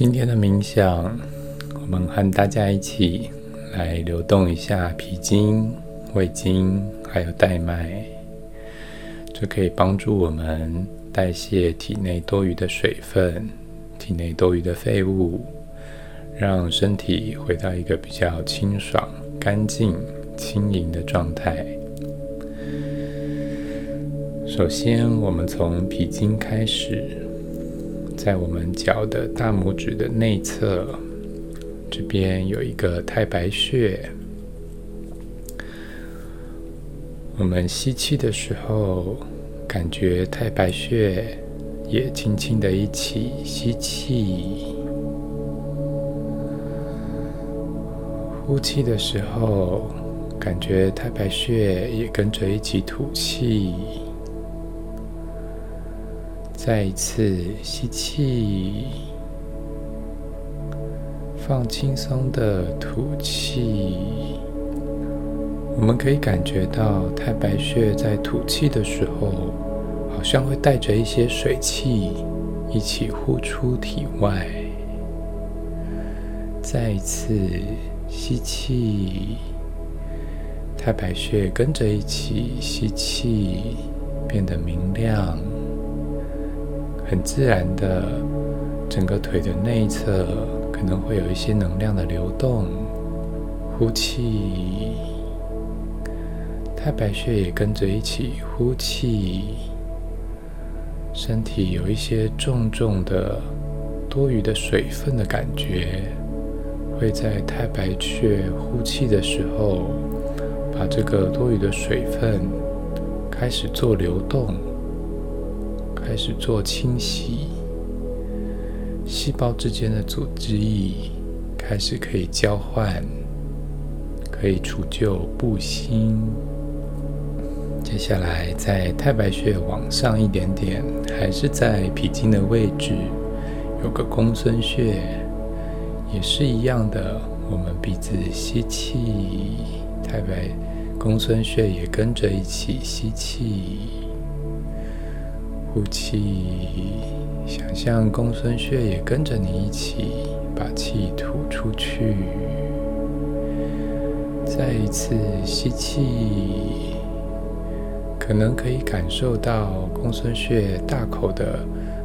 今天的冥想，我們和大家一起來流動一下脾經、胃經還有帶脈。這可以幫助我們代謝體內多餘的水分、體內多餘的廢物，讓身體回到一個比較清爽、乾淨、輕盈的狀態。首先，我們從脾經開始。在我們腳的大拇指的內側，這邊有一個太白穴。我們吸氣的時候，感覺太白穴也輕輕的一起吸氣；呼氣的時候，感覺太白穴也跟着一起吐氣。再一次吸氣，放輕鬆的吐氣。我們可以感覺到太白穴在吐氣的時候，好像會帶着一些水氣一起呼出體外。再一次吸氣，太白穴跟着一起吸氣，變得明亮。很自然的，整個腿的內側可能會有一些能量的流動。呼氣，太白穴也跟着一起呼氣，身體有一些重重的多餘的水分的感覺，會在太白穴呼氣的時候，把這個多餘的水分開始做流動。開始做清洗，細胞之間的組織液開始可以交換，可以除舊布新。接下來在太白穴往上一點點，還是在脾經的位置，有個公孫穴，也是一樣的。我們鼻子吸氣，太白、公孫穴也跟着一起吸氣。呼氣，想象公孫穴也跟着你一起把氣吐出去。再一次吸氣，可能可以感受到公孫穴大口的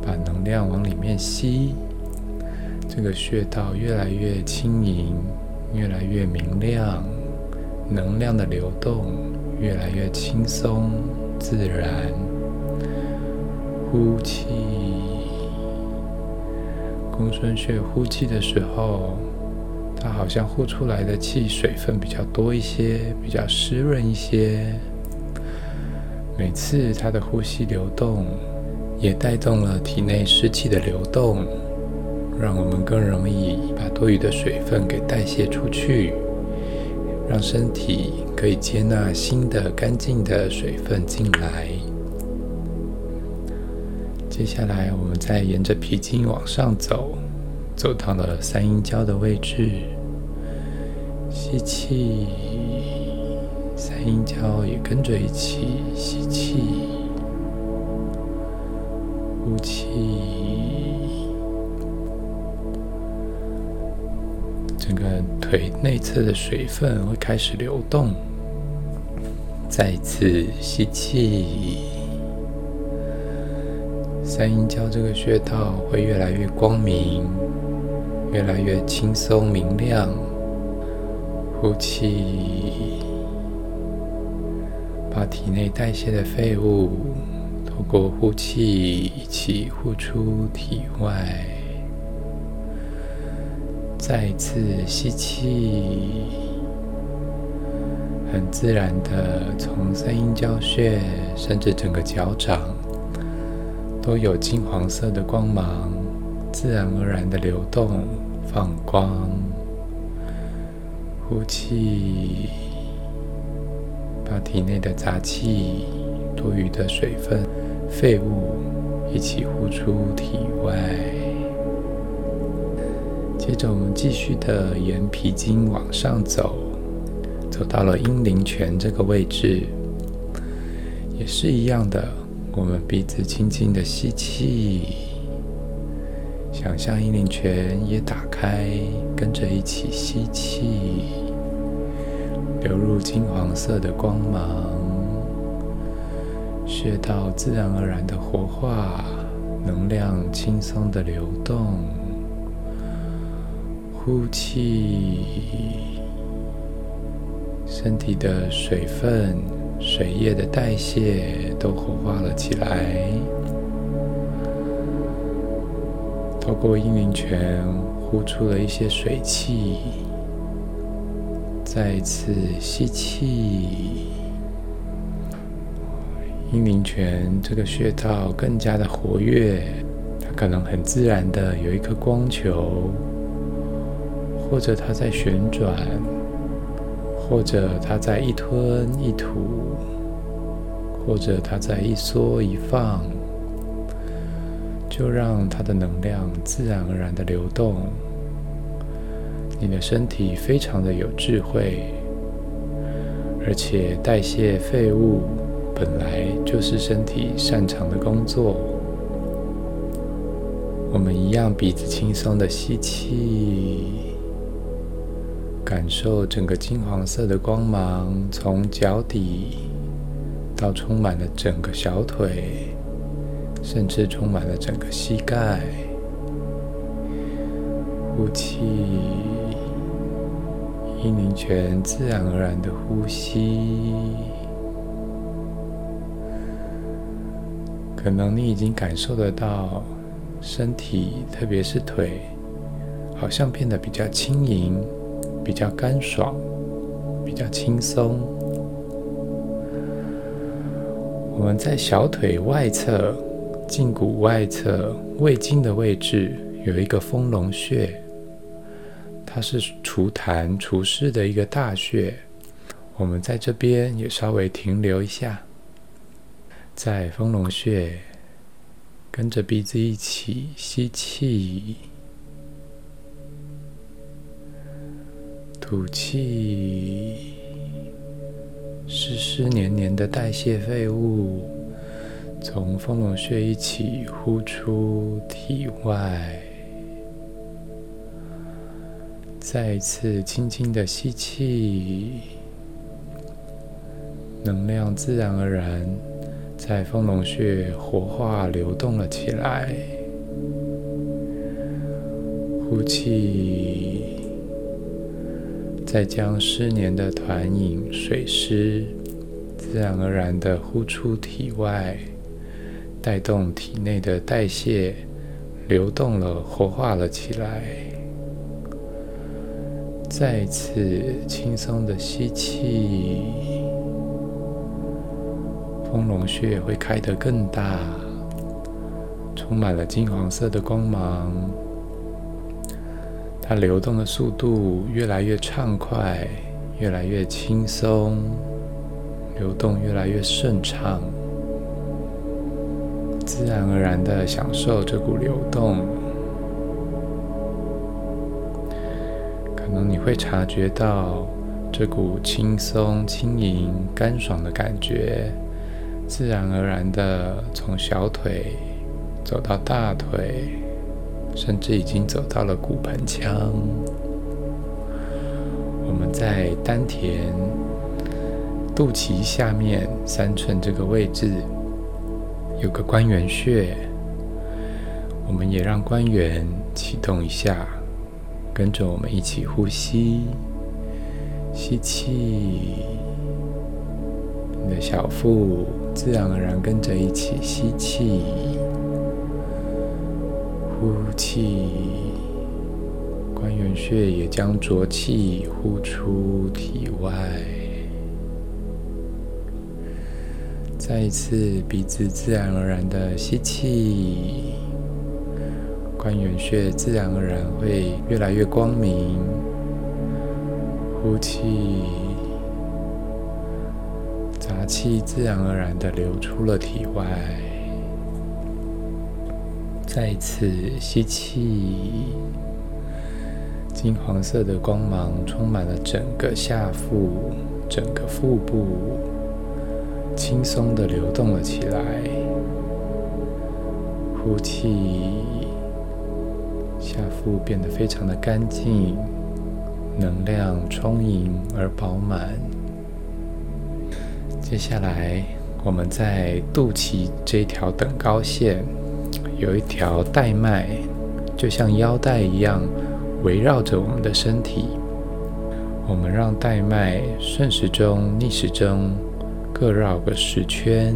把能量往裡面吸，這個穴道越來越輕盈，越來越明亮，能量的流動越來越輕鬆自然。呼氣，公孫穴呼氣的時候，它好像呼出來的氣水分比較多一些，比較濕潤一些。每次他的呼吸流動，也帶動了體內濕氣的流動，讓我們更容易把多餘的水分給代謝出去，讓身體可以接納新的乾淨的水分進來。接下來，我們再沿着脾經往上走，走到了三陰交的位置。吸氣，三陰交也跟着一起吸氣，呼氣，整個腿內側的水分會開始流動。再一次吸氣。三陰交這個穴道會越來越光明，越來越輕鬆明亮。呼氣，把體內代謝的廢物通過呼氣一起呼出體外。再一次吸氣，很自然的從三陰交穴，甚至整個腳掌。都有金黃色的光芒，自然而然的流動放光。呼氣，把體內的雜氣、多餘的水分、廢物一起呼出體外。接着我們繼續的沿脾經往上走，走到了陰陵泉這個位置，也是一樣的。我們鼻子輕輕的吸氣，想象陰陵泉也打開，跟着一起吸氣，流入金黃色的光芒，穴道自然而然的活化，能量輕鬆的流動。呼氣，身體的水分。水液的代謝都活化了起來，透過陰陵泉呼出了一些水氣，再一次吸氣，陰陵泉這個穴道更加的活躍，它可能很自然的有一顆光球，或者它在旋轉。或者它在一吞一吐，或者它在一縮一放，就讓它的能量自然而然的流動。你的身體非常的有智慧，而且代謝廢物本來就是身體擅長的工作。我們一樣，鼻子輕鬆的吸氣。感受整個金黃色的光芒，從腳底到充滿了整個小腿，甚至充滿了整個膝蓋。呼氣，陰陵泉，自然而然的呼吸。可能你已經感受得到，身體特別是腿，好像變得比較輕盈。比較乾爽，比較輕鬆。我們在小腿外側、脛骨外側、胃經的位置有一個豐隆穴，它是祛痰祛濕的一個大穴。我們在這邊也稍微停留一下，在豐隆穴，跟着鼻子一起吸氣。吐氣，濕濕黏黏的代謝廢物從豐隆穴一起呼出體外。再一次輕輕的吸氣，能量自然而然在豐隆穴活化流動了起來。呼氣。再將濕黏的痰飲水濕，自然而然的呼出體外，帶動體內的代謝流動了，活化了起來。再次輕鬆的吸氣，豐隆穴會開得更大，充滿了金黃色的光芒。它流動的速度越來越暢快，越來越輕鬆，流動越來越順暢，自然而然的享受這股流動。可能你會察覺到這股輕鬆、輕盈、乾爽的感覺，自然而然的從小腿走到大腿。甚至已經走到了骨盆腔。我們在丹田、肚臍下面三寸這個位置有個關元穴，我們也讓關元啟動一下，跟着我們一起呼吸，吸氣，你的小腹自然而然跟着一起吸氣。穴也將濁氣呼出體外，再一次鼻子自然而然的吸氣，關元穴自然而然會越來越光明。呼氣，雜氣自然而然的流出了體外，再一次吸氣。金黃色的光芒充滿了整個下腹，整個腹部輕鬆的流動了起來。呼氣，下腹變得非常的乾淨，能量充盈而飽滿。接下來，我們在肚臍這條等高線有一條帶脈，就像腰帶一樣。圍繞着我們的身體，我們讓帶脈順時針、逆時針各繞個十圈。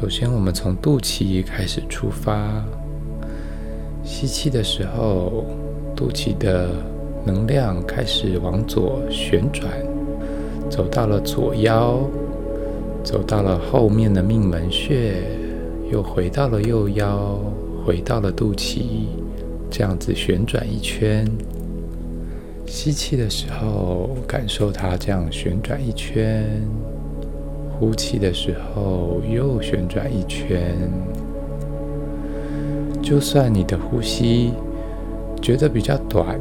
首先，我們從肚臍開始出發。吸氣的時候，肚臍的能量開始往左旋轉，走到了左腰，走到了後面的命門穴，又回到了右腰，回到了肚臍。這樣子旋轉一圈，吸氣的時候感受它這樣旋轉一圈，呼氣的時候又旋轉一圈。就算你的呼吸覺得比較短，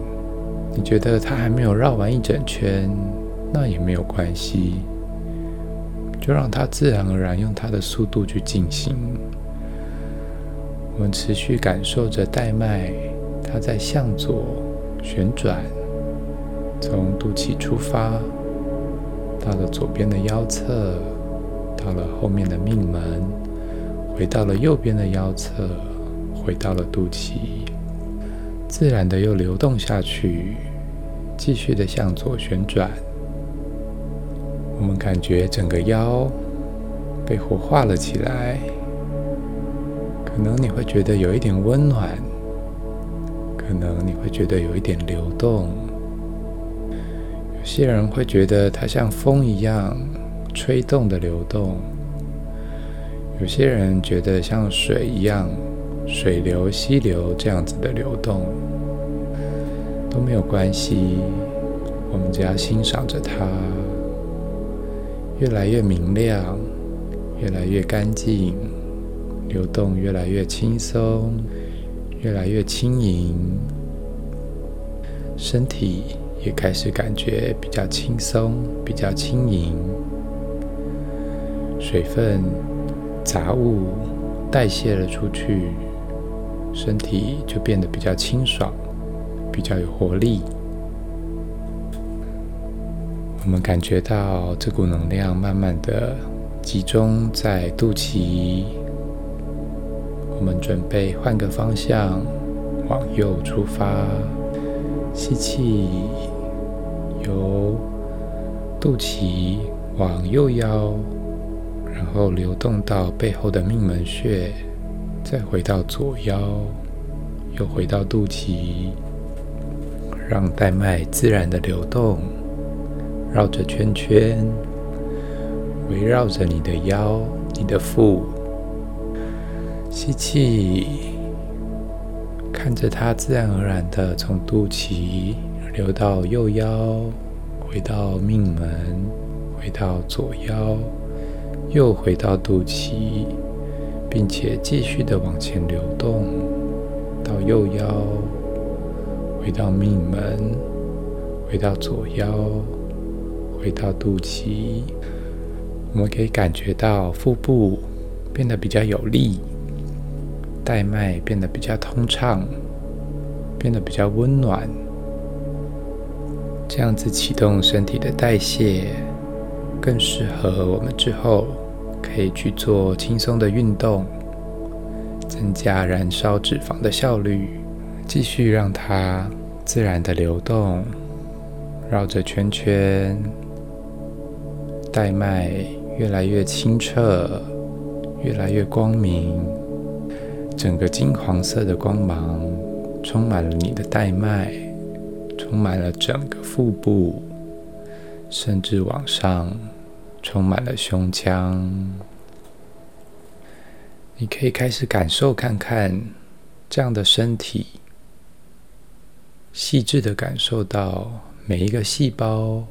你覺得它還沒有繞完一整圈，那也沒有關係，就讓它自然而然用它的速度去進行。我們持續感受着帶脈。它在向左旋轉，從肚臍出發，到了左邊的腰側，到了後面的命門，回到了右邊的腰側，回到了肚臍，自然的又流動下去，繼續的向左旋轉。我們感覺整個腰被活化了起來，可能你會覺得有一點溫暖。可能你會覺得有一點流動，有些人會覺得它像風一樣吹動的流動，有些人覺得像水一樣水流、溪流這樣子的流動，都沒有關係，我們只要欣賞着它，越來越明亮，越來越乾淨，流動越來越輕鬆。越來越輕盈，身體也開始感覺比較輕鬆、比較輕盈，水分、雜物代謝了出去，身體就變得比較清爽、比較有活力。我們感覺到這股能量慢慢的集中在肚臍。我們準備換個方向，往右出發。吸氣，由肚臍往右腰，然後流動到背後的命門穴，再回到左腰，又回到肚臍，讓帶脈自然的流動，繞着圈圈，圍繞着你的腰、你的腹。吸氣，看着它自然而然的從肚臍流到右腰，回到命門，回到左腰，又回到肚臍，並且繼續的往前流動，到右腰，回到命門，回到左腰，回到肚臍。我們可以感覺到腹部變得比較有力。帶脈變得比較通暢，變得比較溫暖，這樣子啟動身體的代謝，更適合我們之後可以去做輕鬆的運動，增加燃燒脂肪的效率。繼續讓它自然的流動，繞着圈圈，帶脈越來越清澈，越來越光明。整個金黃色的光芒充滿了你的帶脈，充滿了整個腹部，甚至往上充滿了胸腔。你可以開始感受看看，這樣的身體細緻的感受到每一個細胞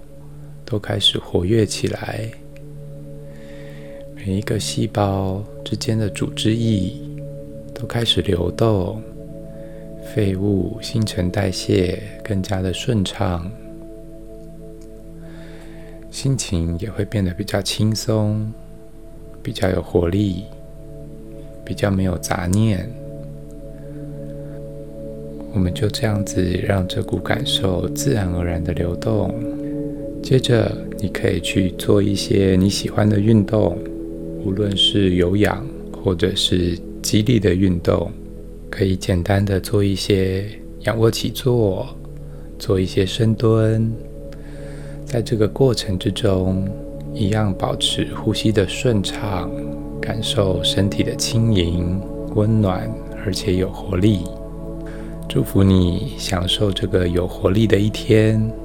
都開始活躍起來，每一個細胞之間的組織液開始流動，廢物新陳代謝更加的順暢，心情也會變得比較輕鬆，比較有活力，比較沒有雜念。我們就這樣子讓這股感受自然而然的流動。接着，你可以去做一些你喜歡的運動，無論是有氧或者是。激烈的運動，可以簡單的做一些仰臥起坐，做一些深蹲。在這個過程之中，一樣保持呼吸的順暢，感受身體的輕盈、溫暖，而且有活力。祝福你享受這個有活力的一天。